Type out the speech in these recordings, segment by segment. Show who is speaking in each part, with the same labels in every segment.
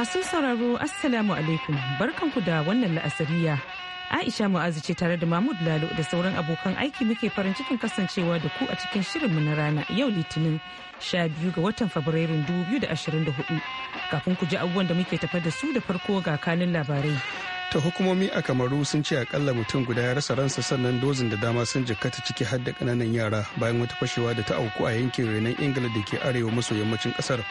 Speaker 1: Masu sauraro Assalamu alaikum barkanku da wannan la'asariya. Aisha Mu'azu ce tare da Mahmud Lalo da sauran abokan aiki muke farin cikin kasancewa da ku a cikin shirinmu na rana yau Litinin 12 ga watan Fabrairun 2024. Kafin ku ji abubuwan da muke tafa da su da farko ga kanin
Speaker 2: labarai. Ta hukumomi a Kamaru sun ce akalla mutum guda ya rasa ransa sannan dozin da dama sun jikkata ciki har da kananan yara bayan wata fashewa da ta auku a yankin renon Ingila da ke arewa maso yammacin kasar.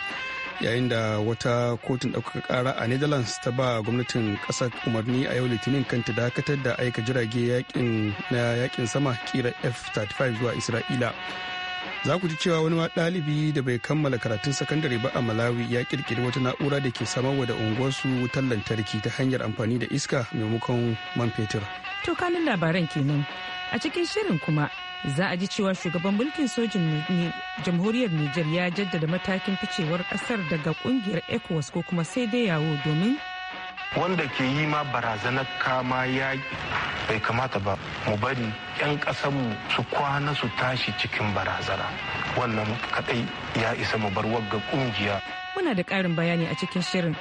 Speaker 2: yayin da wata kotun ɗaukaka ƙara a netherlands ta ba gwamnatin ƙasar umarni a yau litinin kan ta dakatar da aika jirage na yakin sama kira f-35 zuwa isra'ila za ku ji cewa wani ɗalibi da bai kammala karatun sakandare ba a malawi ya kirkiri wata na'ura da ke samarwa da unguwarsu wutar lantarki ta hanyar amfani da iska maimakon man fetur
Speaker 1: to kanin labaran kenan a cikin shirin kuma za a ji cewa shugaban mulkin sojin jamhuriyar niger ya jaddada matakin ficewar kasar daga kungiyar ecowas ko kuma sai dai yawo domin
Speaker 3: wanda ke yi ma barazanar kama yaƙi bai kamata ba mu bari 'yan mu su kwana su tashi cikin barazana wannan kadai ya isa mu bar wagga kungiya
Speaker 1: muna da ƙarin bayani a cikin shirin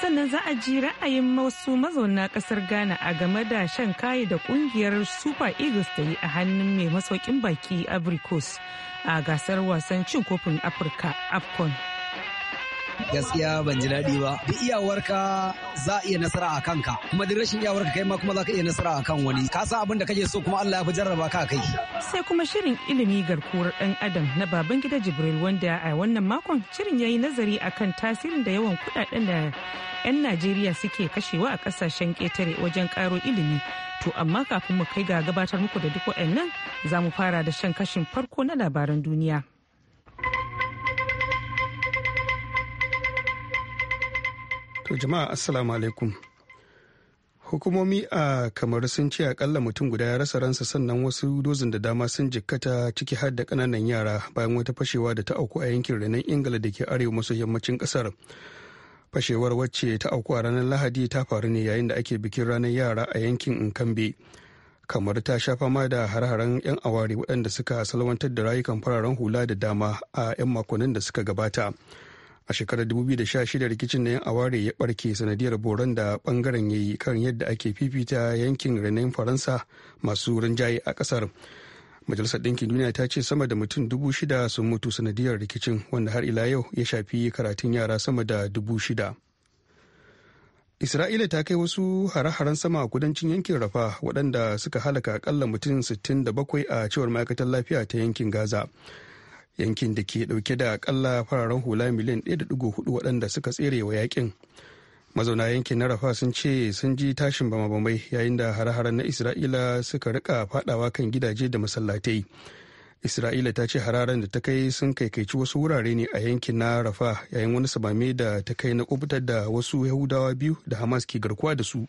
Speaker 1: sannan za a ji ra'ayin wasu mazauna kasar ghana a game da shan kayi da kungiyar super eagles ta yi a hannun mai masaukin baki abricos a gasar wasan cin kofin afirka afcon
Speaker 4: gaskiya ban ji daɗi ba duk iyawarka za iya nasara a kanka kuma duk rashin iyawarka kai ma kuma za ka iya nasara a kan wani ka san abin da kake so kuma Allah ya fi jarraba ka kai
Speaker 1: sai kuma shirin ilimi garkuwar ɗan adam na baban gida Jibril wanda a wannan makon shirin ya yi nazari akan tasirin da yawan kuɗaɗen da 'yan Najeriya suke kashewa a kasashen ƙetare wajen karo ilimi To amma kafin mu kai ga gabatar muku da duk waɗannan za mu fara da shan kashin farko na labaran duniya.
Speaker 2: To jama'a assalamu alaikum. Hukumomi a kamar sun ce akalla mutum guda ya rasa ransa sannan wasu dozin da dama sun jikkata ciki har da kananan yara bayan wata fashewa da ta auku a yankin renon Ingila da ke arewa maso yammacin kasar. Fashewar wacce ta auku a ranar Lahadi ta faru ne yayin da ake bikin ranar yara a yankin Nkambe. Kamar ta sha fama da har-haren 'yan awari waɗanda suka salwantar da rayukan fararen hula da dama a 'yan makonnin da suka gabata. a shekarar 2016 rikicin na yan aware ya barke sanadiyar boron da bangaren ya yi kan yadda ake fifita yankin renin faransa masu rinjaye a kasar majalisar ɗinkin duniya ta ce sama da mutum dubu shida sun mutu sanadiyar rikicin wanda har ila yau ya shafi karatun yara sama da dubu shida isra'ila ta kai wasu hare-haren sama a kudancin yankin rafa waɗanda suka halaka akalla mutum 67 a cewar ma'aikatar lafiya ta yankin gaza yankin da ke dauke da akalla fararen hula miliyan 1.4 waɗanda suka tsere wa yakin mazauna yankin na rafa sun ce sun ji tashin bama-bamai yayin da hare-haren na isra'ila suka rika fadawa kan gidaje da masallatai isra'ila ta ce hararen da ta kai sun kaikaici wasu wurare ne a yankin na rafa yayin wani sabame da ta kai na kubutar da wasu yahudawa biyu da hamas ke garkuwa da su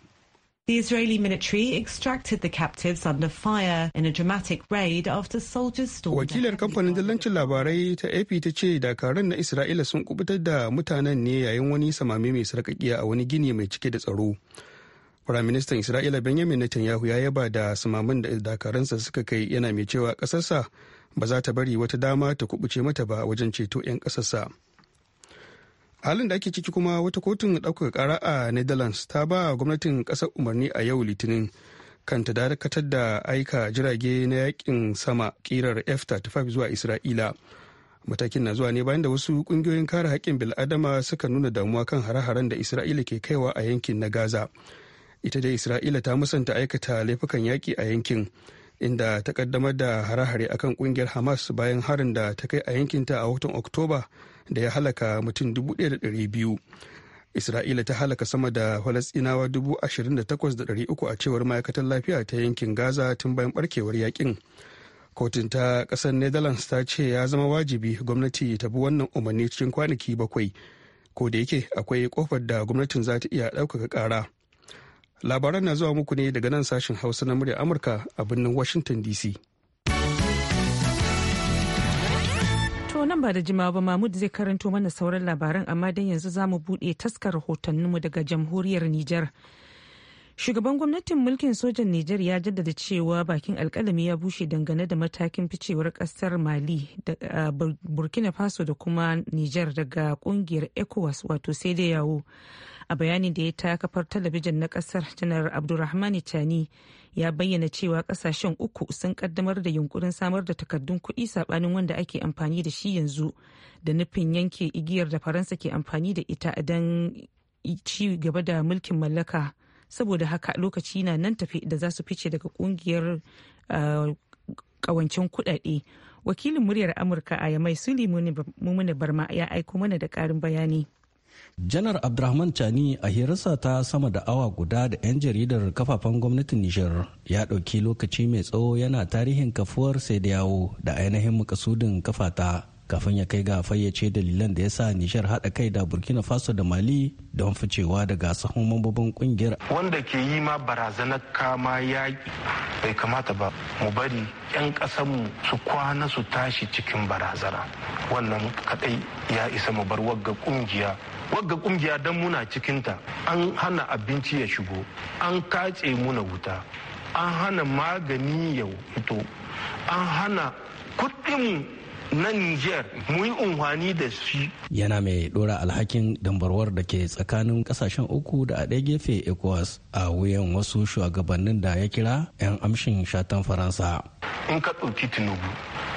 Speaker 1: The Israeli military extracted the captives under fire in a dramatic raid after soldiers stormed.
Speaker 2: Wakilar kamfanin dillancin labarai ta AP ta ce dakarun na Isra'ila sun kubutar da mutanen ne yayin wani samami mai sarkakiya a wani gini mai cike da tsaro. Firaministan Isra'ila Benjamin Netanyahu ya yaba da samamin da dakaransa suka kai yana mai cewa ƙasarsa ba za ta bari wata dama ta kubuce mata ba wajen ceto 'yan ƙasarsa. halin da ake ciki kuma wata kotun ɗaukar kara a netherlands ta ba gwamnatin ƙasar umarni a yau litinin kanta dakatar da aika jirage na yakin sama kirar f-35 zuwa isra'ila matakin na zuwa ne bayan da wasu ƙungiyoyin kare haƙƙin bil'adama suka nuna damuwa kan hare-haren da isra'ila ke kaiwa a yankin na gaza ita dai isra'ila ta musanta aikata laifukan yaƙi a yankin inda ta kaddamar da hare-hare akan ƙungiyar hamas bayan harin da ta kai a yankinta a watan oktoba da ya halaka mutum 1,200 isra'ila ta halaka sama da falasɗinawa 28,300 a cewar ma'aikatar lafiya ta yankin gaza tun bayan barkewar yakin kotun ta ƙasar netherlands ta ce ya zama wajibi gwamnati ta bi wannan umarni cikin kwanaki bakwai ko da yake akwai kofar da gwamnatin za ta iya ɗaukaka ƙara labaran na zuwa muku ne daga nan sashen hausa na murya amurka a birnin washington dc
Speaker 1: To nan ba da jimawa ba Mahmud zai karanto mana sauran labaran amma dan yanzu za mu buɗe taskar rahotanninmu daga jamhuriyar Nijar. Shugaban gwamnatin mulkin sojan Nijar ya jaddada cewa bakin alkalami ya bushe dangane da matakin ficewar kasar Mali da Burkina Faso da kuma Nijar daga kungiyar ECOWAS wato sai da yawo. A bayanin da ya ta kafar talabijin na kasar janar Abdulrahman Tani ya bayyana cewa kasashen uku sun kaddamar da yunkurin samar da takardun kuɗi saɓanin wanda ake amfani da shi yanzu da nufin yanke igiyar da faransa ke amfani da ita don ci gaba da mulkin mallaka saboda haka lokaci na nan tafi da za su fice daga kungiyar kawancin eh, kuɗaɗe wakilin muryar amurka a yamai suli mumuni barma ya aiko mana da ƙarin bayani
Speaker 4: janar abdurrahman chani a hirarsa ta sama da awa guda da 'yan jaridar kafafen gwamnatin nijar ya ɗauki lokaci mai tsawo yana tarihin kafuwar sai da yawo da ainihin makasudin kafata kafin ya kai ga fayyace dalilan da ya sa nishar haɗa kai da burkina faso da mali don ficewa daga sahun mambobin kungiyar
Speaker 3: wanda ke yi ma barazanar kama yaƙi bai kamata ba mu bari 'yan ƙasanmu su kwana su tashi cikin barazana wannan kadai ya isa mu bar wagga kungiya wagga kungiya don muna cikinta an hana abinci ya shigo an katse muna wuta an hana magani ya fito an hana kudin na niger mu yi unhwani da shi
Speaker 4: yana mai dora alhakin dambarwar da ke tsakanin kasashen uku da a ɗaya gefe ecowas a wuyan wasu shugabannin da ya kira 'yan amshin shatan faransa
Speaker 3: in ka ɗauki tinubu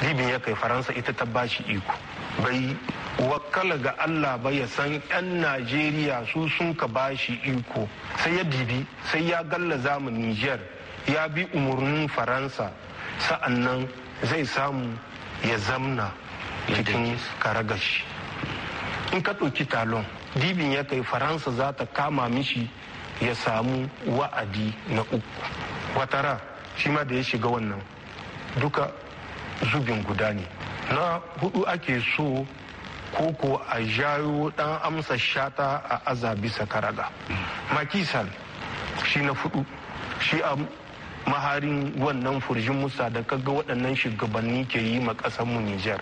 Speaker 3: ribin ya kai faransa ita ta bashi iko bai wakala ga Allah ba ya san 'yan Najeriya su sun ka ba shi iko sai ya dibi sai ya galla mu Nijar ya bi umarnin Faransa sa'annan zai samu ya zamna cikin karagashi in ka ɗauki talon dibin ya kai Faransa za ta kama mishi ya samu wa'adi na uku watara shi ma da ya shiga wannan duka zubin guda ne na hudu ake so koko a jayo dan amsa shata a aza bisa karaga makisan shi na hudu shi a maharin wannan furjin musa da kaga waɗannan shugabanni ke yi ma ƙasar mu nijar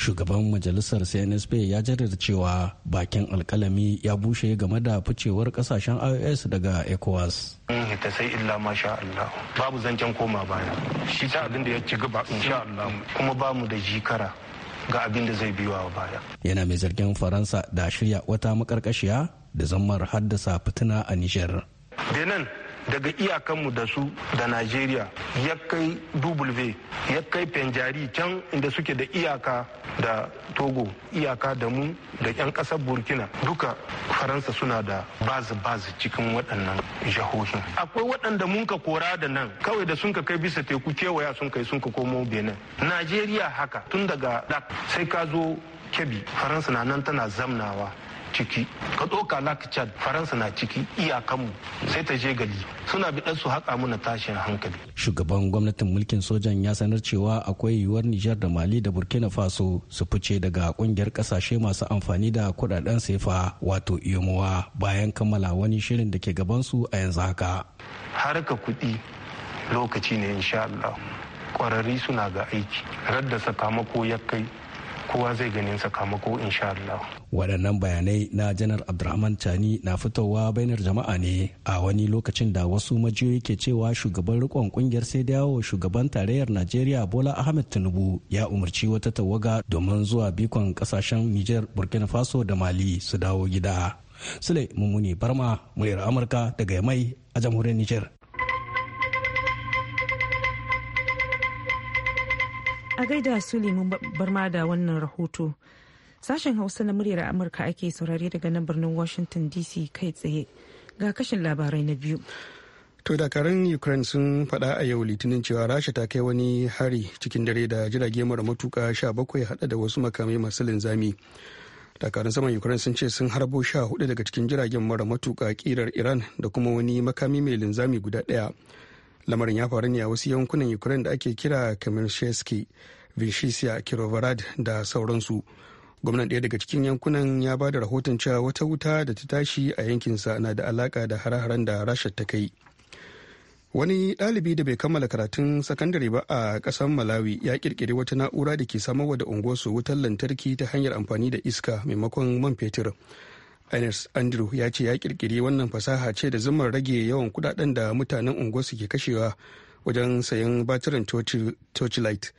Speaker 4: shugaban majalisar cnsp ya jaddada cewa bakin alkalami ya bushe game da ficewar kasashen ios daga
Speaker 3: ecowas ta sai illa ma Allah babu zancen koma baya shi ta abin da ya ci gaba insha Allah kuma bamu da jikara ga abin da zai biyo baya yana mai
Speaker 4: zargin faransa da shirya wata makarkashiya da zammar haddasa fitina a nijar
Speaker 3: benin daga iyakanmu da su da najeriya ya kai dubulve ya kai penjari can inda suke da iyaka da togo iyaka da mu da 'yan ƙasar burkina duka faransa suna da bazi-bazi cikin waɗannan jahohin akwai waɗanda mun ka kora da nan kawai da sun ka kai bisa teku kewaya sun kai sun ka komo benin najeriya haka tun daga dak sai ka zo kebi faransa na nan tana zamnawa ciki ka ɗauka lak chad faransa na ciki iyakanmu sai ta je gali suna biɗar su haƙa muna tashin hankali
Speaker 4: shugaban gwamnatin mulkin sojan ya sanar cewa akwai yiwuwar nijar da mali da burkina faso su fice daga ƙungiyar ƙasashe masu amfani da kuɗaɗen sefa wato iyomowa bayan kammala wani shirin da ke gabansu a yanzu haka
Speaker 3: harka kuɗi lokaci ne insha ƙwararri suna ga aiki radda sakamako ya kai kowa zai ganin sakamako insha Allah.
Speaker 4: Waɗannan bayanai na janar Abdurrahman Tani na fitowa bainar jama'a ne a wani lokacin da wasu majiyoyi ke cewa shugaban rikon kungiyar sai dawo shugaban tarayyar Najeriya Bola Ahmed Tinubu ya umarci wata tawaga domin zuwa bikon kasashen Niger, Burkina Faso da Mali su dawo gida. Sule Mummuni Barma, muryar Amurka daga mai a jamhuriyar Niger.
Speaker 1: A gaida su limin barma da wannan rahoto. Sashen Hausa na muryar Amurka ake saurari daga nan birnin Washington DC kai tsaye ga kashin labarai na
Speaker 2: biyu. To dakarun Ukraine sun faɗa a yau litinin cewa Rasha ta kai wani hari cikin dare da jirage mara matuka 17 hada da wasu makamai masu linzami. Dakarun saman Ukraine sun ce sun harbo sha hudu daga cikin jiragen mara matuka kirar Iran da kuma wani makami mai linzami guda ɗaya. lamarin ya faru ne a wasu yankunan ukraine da ake kira kamersheski vishisiya kirovarad da sauransu gwamnan ɗaya daga cikin yankunan ya ba da rahoton cewa wata wuta da ta tashi a yankinsa na da alaka da hare-haren da rasha ta kai wani ɗalibi da bai kammala karatun sakandare ba a ƙasar malawi ya ƙirƙiri wata na'ura da ke samarwa da unguwarsu wutar lantarki ta hanyar amfani da iska maimakon man fetur Ernest Andrew ya ce ya kirkiri wannan fasaha ce da zumar rage yawan kudaden da mutanen unguwar su ke kashewa wajen sayan batirin torchlight.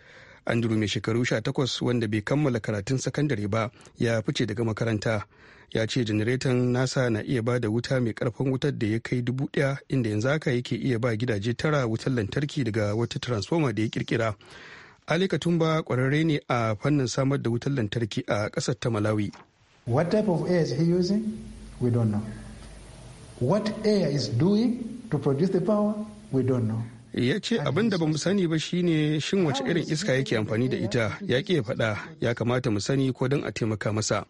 Speaker 2: Andrew mai shekaru 18 wanda bai kammala karatun sakandare ba ya fice daga makaranta. Ya ce janareton nasa na iya ba da wuta mai karfin wutar da ya kai dubu daya inda yanzu haka yake iya ba gidaje tara wutar lantarki daga wata transforma da ya kirkira. Ali Katumba kwararre ne a fannin samar da wutar lantarki a ƙasar ta Malawi.
Speaker 5: What type of air is he using? We don't know. What air is doing to produce the power? We don't know.
Speaker 2: ya ce abin da ba mu sani ba shine shin wace irin iska yake amfani da ita ya ki ya faɗa ya kamata mu sani ko don a taimaka masa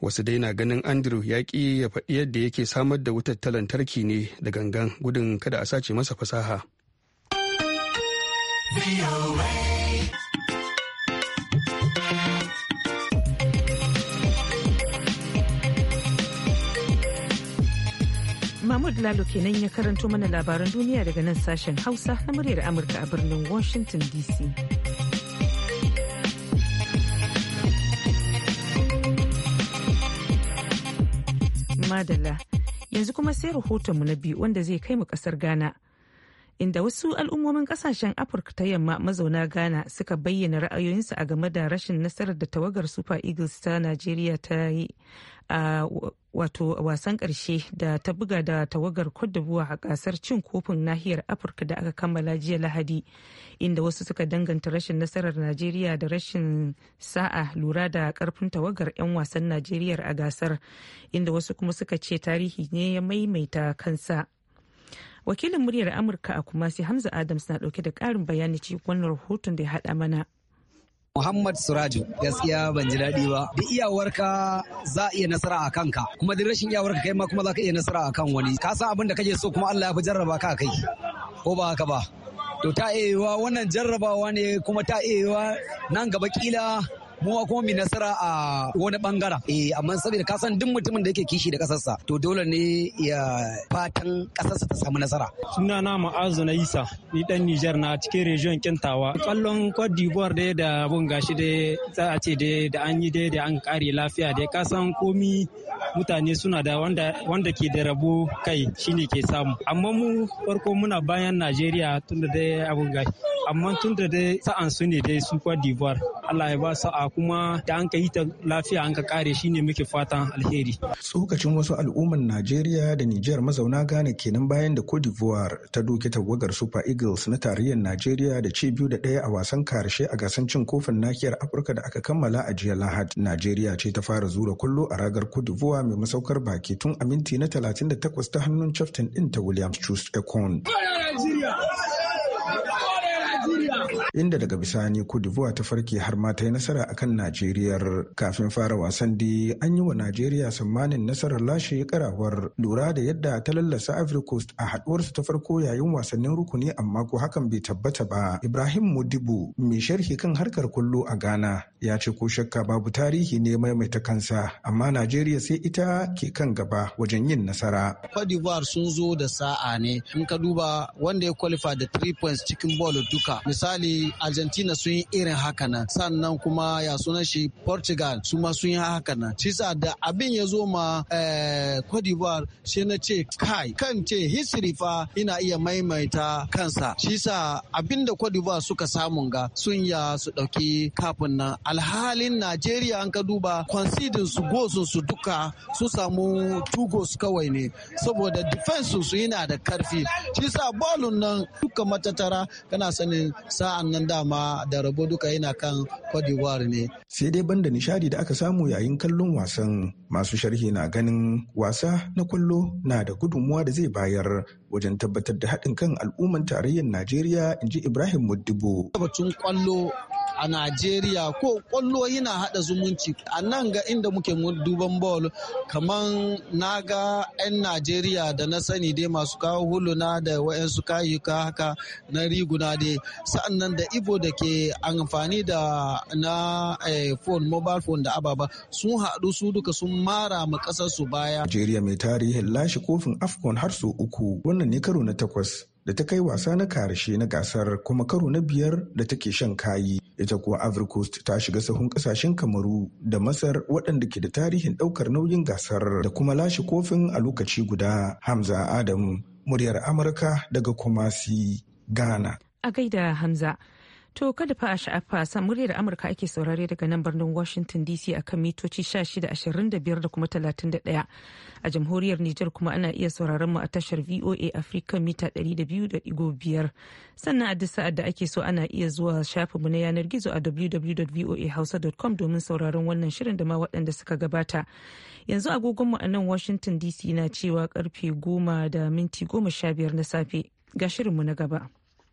Speaker 2: wasu dai na ganin andrew ya ki ya faɗi yadda yake samar da wutar talantarki ne da gangan gudun kada a sace masa fasaha.
Speaker 1: Mahmud Lalo kenan ya karanto mana labaran duniya daga nan sashen Hausa na muryar Amurka a birnin Washington DC. Madalla, yanzu kuma sai rahotonmu na biyu wanda zai kai mu kasar Ghana. inda wasu al'ummomin kasashen afirka ta yamma mazauna ghana suka bayyana ra'ayoyinsu a game da rashin nasarar da tawagar super eagles ta najeriya ta yi a wato wasan karshe da ta buga da tawagar cote a gasar cin kofin nahiyar afirka da aka kammala jiya lahadi inda wasu suka danganta rashin nasarar najeriya da rashin sa'a lura da karfin tawagar 'yan wasan najeriya a gasar inda wasu kuma suka ce tarihi ne ya maimaita kansa wakilin muryar amurka a kumasi hamza adams na dauke da karin bayani cikin wannan rahoton da ya hada mana
Speaker 4: Muhammad Suraju gaskiya ban ji daɗi ba. Duk iyawarka za a iya nasara a kanka kuma duk rashin iyawarka kai ma kuma za ka iya nasara a kan wani. Ka san abin da kake so kuma Allah ya fi jarraba ka kai ko ba haka ba. To ta iya wannan jarrabawa ne kuma ta iya nan gaba kila mu kuma mai nasara a wani bangaren eh amma saboda ka san duk mutumin da yake kishi da kasarsa to dole ne ya fatan kasarsa ta samu nasara suna na ma'azu na isa ni dan Niger na cikin region kintawa kallon Cote d'Ivoire dai da bun gashi dai za a ce dai da an yi dai da an kare lafiya dai ka san komi mutane suna da wanda wanda ke da rabo kai shine ke samu amma mu farko muna bayan Najeriya tunda dai abun gashi amma tunda dai sa'an su ne dai su Cote d'Ivoire Allah ya ba sa'a kuma da an ka yi ta lafiya an ka kare shine
Speaker 3: muke fatan alheri.
Speaker 5: Tsokacin wasu al'umman Najeriya da Nijar mazauna Ghana kenan bayan da Cote d'Ivoire ta doke tawagar Super Eagles na tarayyar Najeriya da ci biyu da ɗaya a wasan karshe a gasar cin kofin nahiyar Afirka da aka kammala a jiya Lahad. Najeriya ce ta fara zura kullo a ragar Cote d'Ivoire mai masaukar baki tun a minti na 38 ta hannun chaftin ɗin ta Williams Chus Ekon. inda daga bisani Cote d'Ivoire ta farke har ma ta yi nasara akan Najeriyar kafin fara wasan da an yi wa Najeriya tsammanin nasarar lashe karawar lura da yadda ta lallasa Ivory Coast a haduwarsu ta farko yayin wasannin rukuni amma ko hakan bai tabbata ba. Ibrahim Mudibu mai sharhi kan harkar kullo a Ghana ya ce ko shakka babu tarihi ne maimaita kansa amma Najeriya sai ita ke kan gaba wajen yin nasara.
Speaker 6: Cote sun zo da sa'a ne in ka duba wanda ya kwalifa da 3 points cikin ball duka misali argentina sun yi irin haka nan sannan kuma ya sunan shi portugal su ma sun yi haka nan shi sa da abin ya zo ma eh, cote d'ivoire shi na ce kai kan ce history fa ina iya maimaita kansa shi sa abin da cote d'ivoire suka samun ga sun ya su ɗauki kafin nan alhalin najeriya an ka duba conceding su goals su duka su samu two goals kawai ne saboda defense su yana da karfi shi sa ballon nan duka matatara kana sanin sa'an nan dama
Speaker 5: da rabo duka yana kan Cote ne. Sai dai banda nishadi da aka samu yayin kallon wasan masu sharhi na ganin wasa na kwallo na da gudunmuwa da zai bayar wajen tabbatar da haɗin kan al'umman tarayyar Najeriya in ji Ibrahim Muddubu. Batun kwallo a Najeriya ko kwallo yana hada zumunci a nan ga inda muke
Speaker 6: duban ball kamar na ga 'yan Najeriya da na sani dai masu kawo huluna da wa'yansu kayuka haka na riguna dai sa'annan da ibo da ke amfani da na eh, phone mobile phone da ababa sun hadu su
Speaker 5: duka sun mara ma kasar su baya. Najeriya mai tarihin lashe kofin Afcon har sau uku wannan ne karo na takwas da ta kai wasa na karshe na gasar kuma karo na biyar da take shan kayi ita kuwa Ivory Coast ta shiga sahun kasashen Kamaru da Masar waɗanda ke da tarihin ɗaukar nauyin gasar da kuma lashe kofin a lokaci guda Hamza Adamu muryar Amurka daga Kumasi Ghana
Speaker 1: a gaida Hamza To kada fa a sha'afa san muryar Amurka ake saurare daga nan birnin Washington DC a kan mitoci 1625 da kuma 31. A jamhuriyar Nijar kuma ana iya sauraron mu a tashar VOA Africa mita 200.5. Sannan a duk sa'ad da ake so ana iya zuwa mu na yanar gizo a www.voahausa.com domin sauraron wannan shirin da ma waɗanda suka gabata. Yanzu agogonmu a nan Washington DC na cewa karfe goma da minti goma na safe. Ga shirinmu na gaba.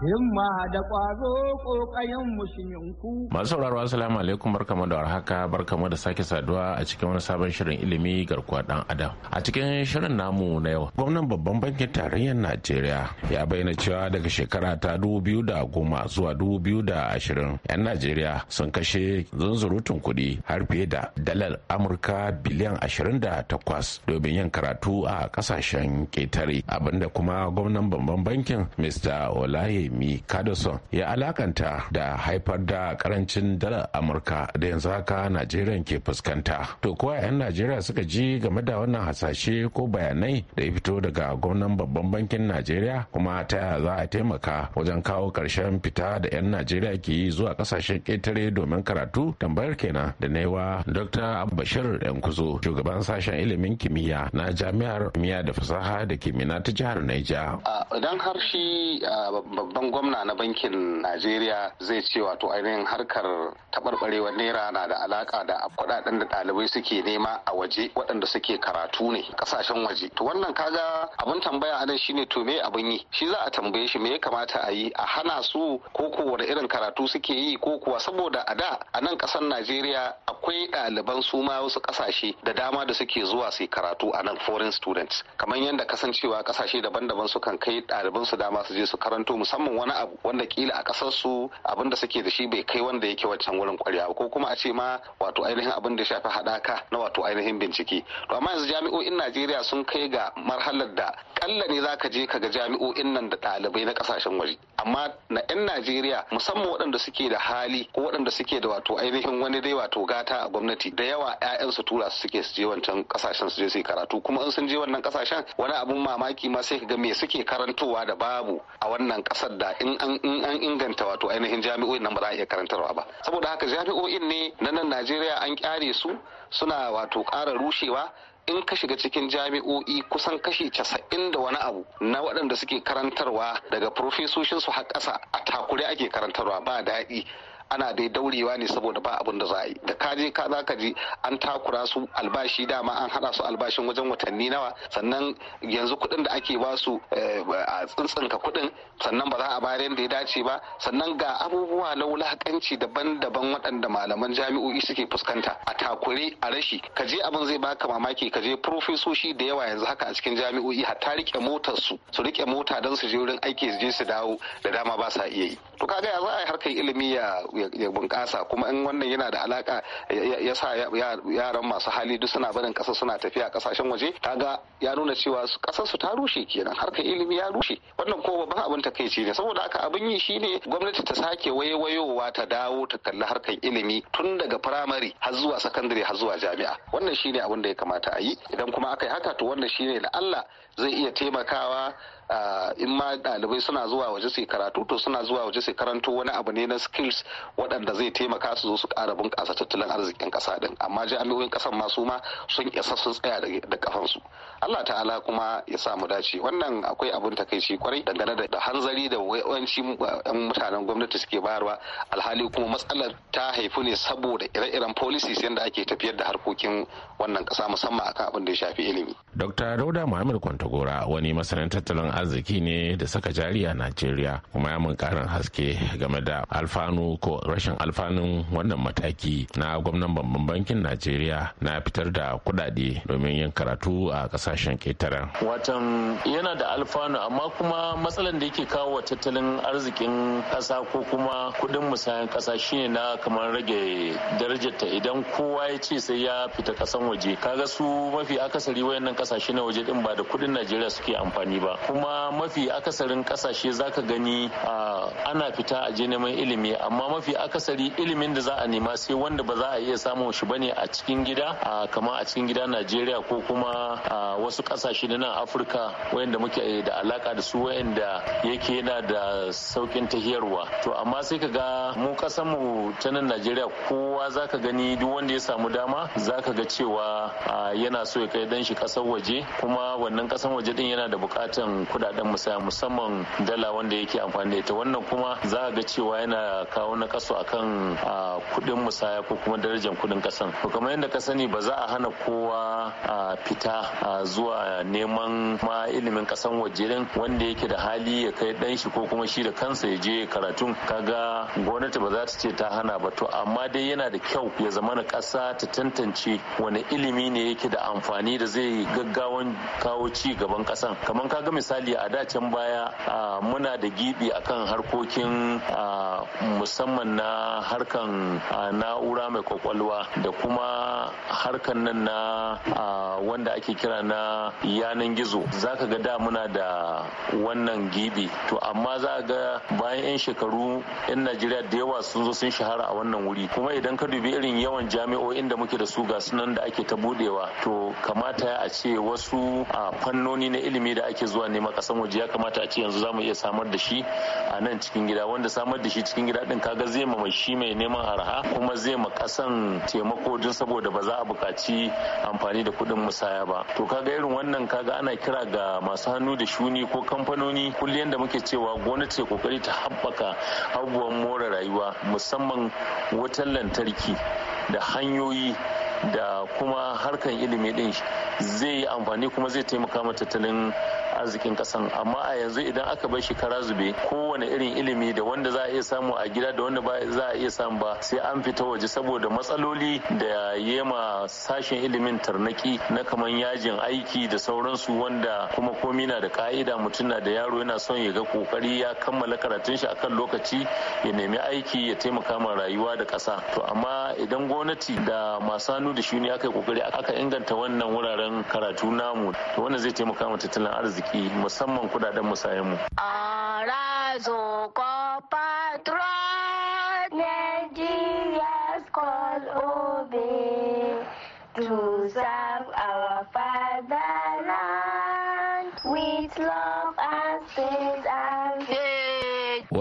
Speaker 4: himma da ƙwazo ƙoƙayen musulminku. Masu
Speaker 7: sauraro assalamu alaikum kama da warhaka kama da sake saduwa a cikin wani sabon shirin ilimi garkuwa ɗan adam. A cikin shirin namu na yau gwamnan babban bankin tarayyar Najeriya ya bayyana cewa daga shekara ta dubu biyu da goma zuwa dubu biyu da ashirin yan Najeriya sun kashe zunzurutun kuɗi har fiye da dalar Amurka biliyan ashirin da takwas domin yin karatu a ƙasashen ƙetare abinda kuma gwamnan babban bankin Mr. Olaye jimmy cardoson ya alakanta da haifar da karancin dalar amurka da yanzu haka najeriya ke fuskanta to kuwa 'yan najeriya suka ji game da wannan hasashe ko bayanai da ya fito daga gwamnan babban bankin najeriya kuma ta yaya za a taimaka wajen kawo karshen fita da 'yan najeriya ke yi zuwa kasashen ƙetare domin karatu tambayar kenan da na dr bashir yankuzo shugaban sashen ilimin kimiyya na jami'ar kimiyya da fasaha da kimiyya ta jihar naija
Speaker 8: idan har shi sabon gwamna na bankin najeriya zai ce wato ainihin harkar taɓarɓarewar naira na da alaka da kuɗaɗen da ɗalibai suke nema a waje waɗanda suke karatu ne ƙasashen waje to wannan kaga abin tambaya a nan shine to me abin yi shi za a tambaye shi me ya kamata a yi a hana su ko ko wani irin karatu suke yi ko kuwa saboda a da a nan ƙasar najeriya akwai ɗaliban su ma wasu ƙasashe da dama da suke zuwa su karatu a nan foreign students kamar yadda kasancewa ƙasashe daban-daban sukan kai ɗaliban su dama su je su karanto musamman samun wani abu wanda kila a kasar su abin da suke da shi bai kai wanda yake wancan wurin kwarya ko kuma a ce ma wato ainihin abin da shafi haɗaka na wato ainihin bincike to amma yanzu jami'o'in Najeriya sun kai ga marhalar da kalla ne zaka je kaga jami'o'in nan da dalibai na kasashen waje amma na 'yan Najeriya musamman waɗanda suke da hali ko waɗanda suke da wato ainihin wani dai wato gata a gwamnati da yawa su tura su suke su je wancan kasashen su je su karatu kuma in sun je wannan kasashen wani abun mamaki ma sai ka ga me suke karantowa da babu a wannan kasar da in an inganta wato ainihin jami'o'in nan ba za a iya karantarwa ba saboda haka jami'o'in ne na nan najeriya an kyare su suna wato ƙara rushewa in ka shiga cikin jami'o'i kusan kashi casa'in da wani abu na waɗanda suke karantarwa daga profesoshinsu har ƙasa a takure ake karantarwa ba daɗi ana dai daurewa ne saboda ba abin da za a yi da ka je ka za ka ji an takura su albashi dama an hada su albashin wajen watanni nawa sannan yanzu kuɗin da ake ba su eh, a tsintsinka kuɗin sannan ba za a bayar da ya dace ba sannan ga abubuwa na wulakanci daban-daban waɗanda malaman jami'o'i suke fuskanta a takure a rashi ka je abin zai baka mamaki ka je profesoshi da yawa yanzu haka a cikin jami'o'i hatta rike motar su su rike mota don su je wurin aiki su je su dawo da dama ba sa iya yi to kaga ya za a yi harkar ilimi ya ya bunƙasa kuma in wannan yana da alaka ya sa yaran masu hali duk suna barin ƙasa suna tafiya ƙasashen waje kaga ya nuna cewa ƙasarsu ta rushe kenan harkar ilimi ya rushe wannan ko babban abin takaici ne saboda haka abin yi shine gwamnati ta sake waiwayowa ta dawo ta kalli harkar ilimi tun daga firamare har zuwa sakandare har zuwa jami'a wannan shine abin da ya kamata a yi idan kuma aka yi haka to wannan shine da Allah zai iya taimakawa Ah, in ma dalibai suna zuwa waje su karatu to suna zuwa waje su karanto wani abu ne na skills waɗanda zai taimaka su zo su ƙara bunƙasa tattalin arzikin ƙasa din amma jami'o'in ƙasan ma su ma sun isa sun tsaya da kafansu Allah ta'ala kuma ya sa mu dace wannan akwai abin takaici kwarai dangane da hanzari da yawanci eh, mutanen gwamnati suke bayarwa alhali kuma matsalar ta haifu ne saboda ire-iren policies yadda ake tafiyar da harkokin wannan ƙasa musamman akan abin da ya shafi ilimi.
Speaker 7: Dr. Dauda Muhammad Kwantagora wani masanin tattalin arziki ne da saka jari a najeriya kuma ya mun karin haske game da alfanu ko rashin alfanun wannan mataki na gwamnan babban bankin najeriya na fitar da kudade domin yin karatu a kasashen ketaren
Speaker 9: watan yana da alfanu amma kuma matsalar da yake kawo wa tattalin arzikin kasa ko kuma kudin musayan kasa shine na kamar rage darajarta idan kowa ya ce sai ya fita kasan waje kaga su mafi akasari wayannan kasashe na waje din ba da kudin najeriya suke amfani ba kuma kuma mafi akasarin kasashe za ka gani ana fita a je neman ilimi amma mafi akasari ilimin da za a nema sai wanda ba za a iya samun shi ba ne a cikin gida kamar a cikin gida Najeriya ko kuma wasu kasashe na nan Afirka wayanda muke da alaka da su wayanda yake yana da saukin tahiyarwa to amma sai ka ga mu mu ta nan Najeriya kowa za ka gani duk wanda ya samu dama za ka ga cewa yana so ya kai dan shi kasar waje kuma wannan kasan waje din yana da bukatan kudaden musaya musamman dala wanda yake amfani da ita wannan kuma za a ga cewa yana kawo na kaso akan kudin musaya ko kuma darajar kudin kasan to kamar yadda ka sani ba za a hana kowa fita zuwa neman ma ilimin kasan waje wanda yake da hali ya kai dan shi ko kuma shi da kansa ya je karatun kaga gwamnati ba za ta ce ta hana ba to amma dai yana da kyau ya zama na kasa ta tantance wani ilimi ne yake da amfani da zai gaggawan kawo ci gaban kasan kamar kaga misali misali a dacen baya muna da gibi akan harkokin musamman na harkan na'ura mai kwakwalwa da kuma harkan nan na wanda ake kira na yanan gizo za ka ga da muna da wannan gibi to amma za ga bayan 'yan shekaru 'yan najeriya da yawa sun zo sun shahara a wannan wuri kuma idan ka dubi irin yawan jami'o'in da muke da su ga sunan da ake ta budewa to kamata a ce wasu fannoni na ilimi da ake zuwa neman kasan waje ya kamata a ce yanzu za mu iya samar da shi a nan cikin gida wanda samar da shi cikin gida din kaga zai ma mai shi mai neman arha kuma zai ma kasan taimako don saboda ba za a buƙaci amfani da kuɗin musaya ba to kaga irin wannan kaga ana kira ga masu hannu da shuni ko kamfanoni kullum da muke cewa gona gwamnati kokari ta haɓaka abubuwan more rayuwa musamman wutar lantarki da hanyoyi da kuma harkan ilimi din zai yi amfani kuma zai taimaka ma tattalin arzikin kasan amma a yanzu idan aka bar shekara zube kowane irin ilimi da wanda za a iya samu a gida da wanda za a iya samu ba sai an fita waje saboda matsaloli da yema sashen ilimin tarnaki na kaman yajin aiki da sauransu wanda kuma komi na da ka'ida mutum na da yaro yana son ya ga kokari ya kammala karatun shi akan lokaci ya nemi aiki ya taimaka ma rayuwa da kasa to amma idan gwamnati da masu hannu da shuni aka yi kokari aka inganta wannan wuraren karatu namu to wannan zai taimaka ma tattalin arziki aiki musamman kudaden musayenmu. Arazoko patron
Speaker 5: call obey to serve our
Speaker 10: fatherland with love and faith and faith.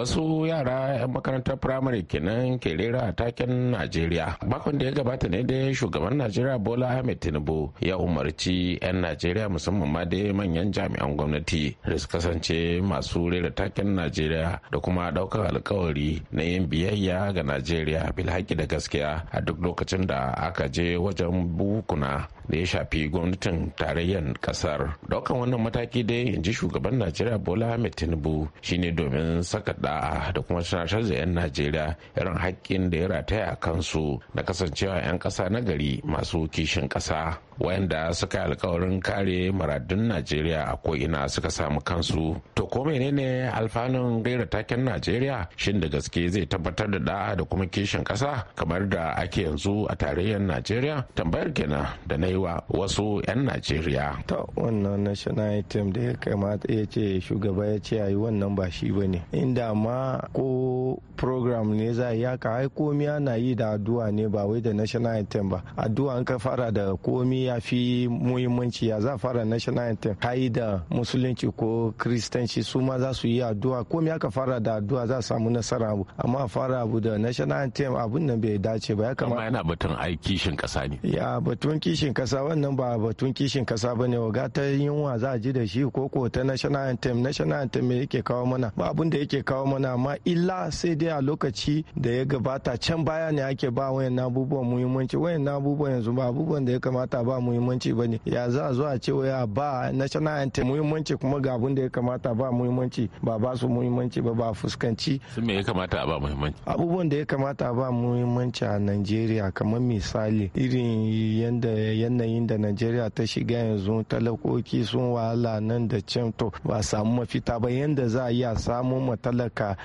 Speaker 7: wasu yara 'yan makarantar firamare kenan ke rera a taken najeriya makon da ya gabata ne dai shugaban najeriya bola ahmed tinubu ya umarci 'yan najeriya musamman ma dai manyan jami'an gwamnati da su kasance masu rera taken najeriya da kuma daukar alkawari na yin biyayya ga najeriya bilhaki da gaskiya a duk lokacin da aka je wajen bukuna da ya shafi gwamnatin tarayyar kasar daukan wannan mataki dai in ji shugaban najeriya bola ahmed tinubu shine domin saka da'a da kuma sanatar da 'yan najeriya irin haƙƙin da ya rataya a kansu na kasancewa 'yan ƙasa na gari masu kishin ƙasa wayanda suka yi alkawarin kare maradun najeriya a ko'ina suka samu kansu to ko menene alfanun gaira taken najeriya shin da gaske zai tabbatar da da'a da kuma kishin ƙasa kamar da ake yanzu a tarayyar najeriya tambayar kenan da na yi wa wasu 'yan najeriya
Speaker 10: ta wannan national item da ya kamata ya ce shugaba ya ce ayi wannan ba shi ba ne inda ma ko program ne za ya ka ai komi ana yi da addu'a ne ba wai da national item ba addu'a an ka fara da komi ya fi muhimmanci ya za fara national item ka yi da musulunci ko kristanci su ma za su yi addu'a komi aka fara da addu'a za samu nasara abu amma fara abu da national item abun nan bai dace ba ya kamata
Speaker 7: yana batun aiki kishin kasa ne
Speaker 10: ya batun kishin kasa kasa wannan ba batun kishin kasa ba ne waga ta yunwa za a ji da shi ko ko ta national anthem national anthem me yake kawo mana ba abin da yake kawo mana amma illa sai dai a lokaci da ya gabata can baya ne ake ba wayan abubuwan muhimmanci wayan abubuwan yanzu ba abubuwan da ya kamata ba muhimmanci ba ne ya za a zo a ce waya ba national anthem muhimmanci kuma ga abin da ya kamata ba muhimmanci ba ba su muhimmanci ba ba fuskanci
Speaker 7: sun me ya kamata ba muhimmanci
Speaker 10: abubuwan da ya kamata ba muhimmanci a Najeriya kamar misali irin yanda yan yanayin da najeriya ta shiga yanzu talakoki sun wahala nan da can to ba samu mafita ba yanda za a a samu matalaka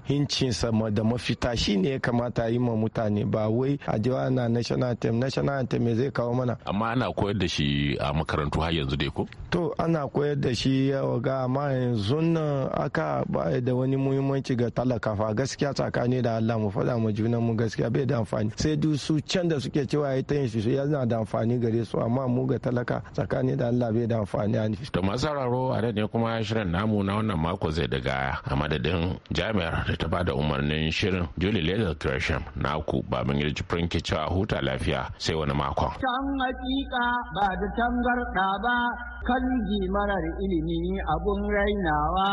Speaker 10: sama da mafita shine ya kamata yi ma mutane ba wai a jiwa na national team national team zai kawo mana
Speaker 7: amma ana koyar da shi a makarantu har yanzu dai ko
Speaker 10: to ana koyar da shi yawa ga amma yanzu nan aka ba da wani muhimmanci ga talaka fa gaskiya tsakani da Allah mu faɗa mu junan mu gaskiya bai da amfani sai su can da suke cewa ya ta yin shi yana da amfani gare su amma ma mu ga talaka tsakani da Allah bai da amfani a nufi. To
Speaker 7: masu sauraro a ne kuma shirin namu na wannan mako zai daga a madadin jami'ar da ta bada umarnin shirin Julie Leather Gresham naku yi girji ke cewa huta lafiya sai wani makon.
Speaker 4: Can hakika ba da tangarɗa ba
Speaker 1: kan marar ilimi abun rainawa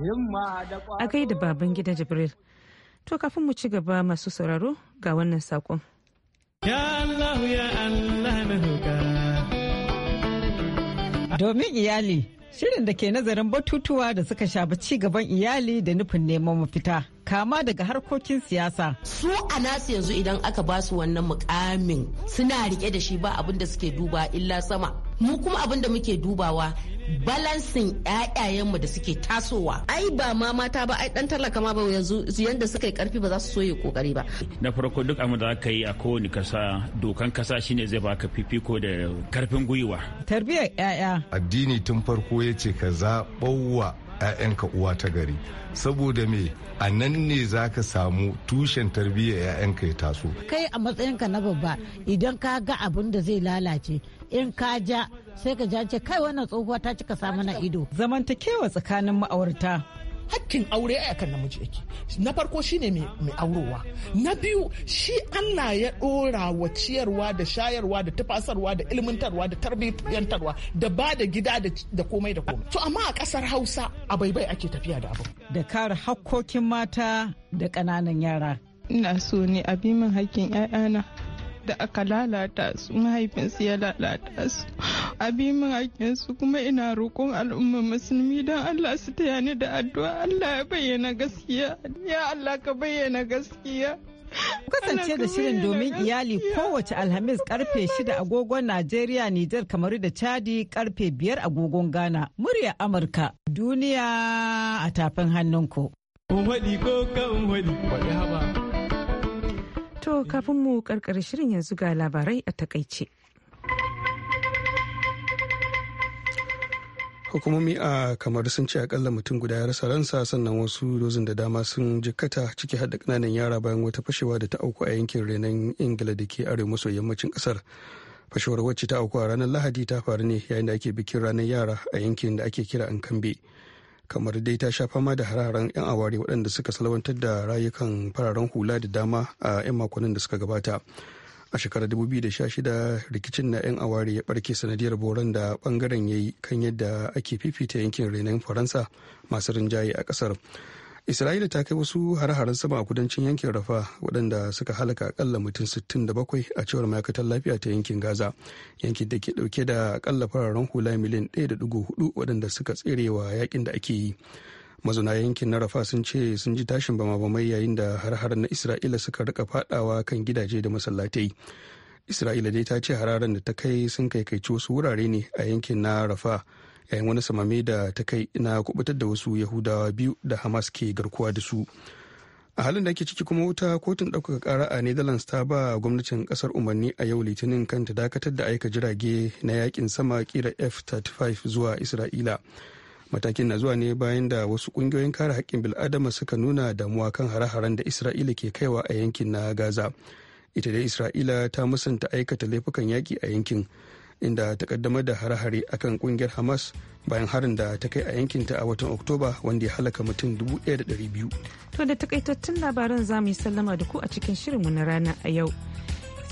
Speaker 1: himma da A baban gida Jibril. To kafin mu ci gaba masu sauraro ga wannan sakon.
Speaker 3: Ya Allah ya Allah na hukar.
Speaker 1: domin iyali shirin da ke nazarin batutuwa da suka shafi ci gaban iyali da nufin neman mafita kama daga harkokin siyasa.
Speaker 8: Su a nasu yanzu idan aka ba su wannan mukamin suna rike da shi ba abin da suke duba illa sama. Mu kuma abin da muke dubawa balansin ƴaƴayenmu da suke tasowa. Ai ba ma mata ba ai dan talaka ma ba yanzu yanda suka yi karfi ba za su so yi kokari ba.
Speaker 9: Na farko duk abin da aka yi a kowane kasa dokan kasa shine zai baka fifiko da karfin gwiwa.
Speaker 8: tarbiyyar ƴaƴa. Addini tun farko ya ce ka zaɓauwa 'ya'yanka uwa ta gari saboda me a nan ne za ka samu tushen tarbiyyar 'ya'yanka ya taso
Speaker 1: kai a matsayinka na babba idan ka ga abin da zai lalace in ka ja sai ka ja ce kai wannan tsohuwa ta cika samuna na ido zamantakewa tsakanin ma'aurata hakkin aure
Speaker 5: a kan namiji yake na farko shine mai aurowa na biyu shi allah ya dora wa ciyarwa da shayarwa da tafasarwa da ilmantarwa da tarbiyyantarwa da ba da gida da komai da komai to amma a kasar hausa a baibai ake tafiya da abu da kare
Speaker 1: hakkokin mata da ƙananan yara ina so ne a bi min hakkin 'ya'yana
Speaker 2: da aka lalata su mahaifinsu ya lalata su abin su kuma ina roƙon al'umma musulmi don Allah su taya ni da addu'a Allah ya bayyana gaskiya ya Allah ka bayyana gaskiya kasance da shirin domin
Speaker 1: iyali kowace alhamis karfe 6 agogon najeriya nijar kamaru da chadi karfe 5 agogon ghana murya amurka duniya a tafin hannunku.
Speaker 4: Kun ko kan
Speaker 1: To kafin mu karkar shirin yanzu ga labarai a takaice.
Speaker 2: Hukumomi a kamar sun ce akalla mutum guda ya rasa ransa sannan wasu dozin da dama sun jikkata ciki hada kananan yara bayan wata fashewa da ta auku a yankin renon Ingila da ke arewa maso yammacin ƙasar Fashewar wacce ta auku a ranar Lahadi ta faru ne yayin da ake bikin ranar yara a yankin da ake kira an kambe. kamar dai ta sha fama da hararen 'yan aware waɗanda suka salwantar da rayukan fararen hula da dama a 'yan makonnin da suka gabata a shekarar 2016 rikicin na 'yan aware ya barke sanadiyar boron da bangaren ya yi kan yadda ake fifita yankin renon faransa masu rinjaye a kasar isra'ila ta kai wasu hare-haren sama a kudancin yankin rafa waɗanda suka halaka akalla mutum 67 a cewar ma'aikatar lafiya ta yankin gaza yankin da ke ɗauke da akalla fararen hula miliyan 1.4 waɗanda suka tserewa yakin da ake yi mazauna yankin na rafa sun ce sun ji tashin bama-bamai yayin da hare haren na isra'ila suka rika fadawa kan gidaje da masallatai isra'ila dai ta ce hararen da ta kai sun kaikaici wasu wurare ne a yankin na rafa yayin wani samame da ta kai na kubutar da wasu yahudawa biyu da hamas ke garkuwa da su a halin da ake ciki kuma wuta kotun ɗaukaka ƙara a netherlands ta ba gwamnatin ƙasar umarni a yau litinin kan ta dakatar da aika jirage na yakin sama kira f-35 zuwa isra'ila matakin na zuwa ne bayan da wasu ƙungiyoyin kare haƙƙin bil'adama suka nuna damuwa kan hare-haren da isra'ila ke kaiwa a yankin na gaza ita dai isra'ila ta musanta aikata laifukan yaƙi a yankin inda ta kaddamar da hare-hare akan kungiyar hamas bayan harin da ta kai a yankinta a watan oktoba wanda ya halaka mutum 1,200
Speaker 1: to da takaitattun labaran za mu yi sallama da ku a cikin shirinmu na rana a yau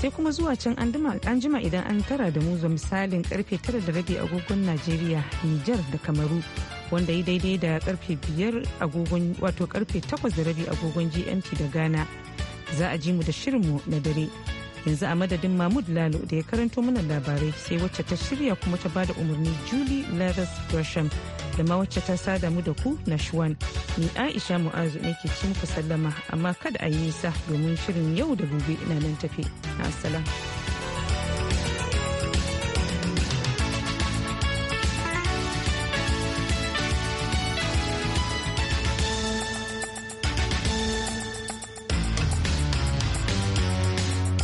Speaker 1: sai kuma zuwa can an jima idan an tara da mu misalin karfe tara da rabi agogon najeriya nijar da kamaru wanda ya daidai da karfe biyar agogon wato karfe takwas da rabi agogon gmt da ghana za a ji mu da shirinmu na dare yanzu a madadin mahmud lalo da ya karanto mana labarai sai wacce ta shirya kuma ta bada umarni julie lares gresham da ma wacce ta sada mu da ku na shuwan ni aisha mu'azu ne ke ci muku sallama amma kada a yi nisa domin shirin yau da gobe ina nan tafi na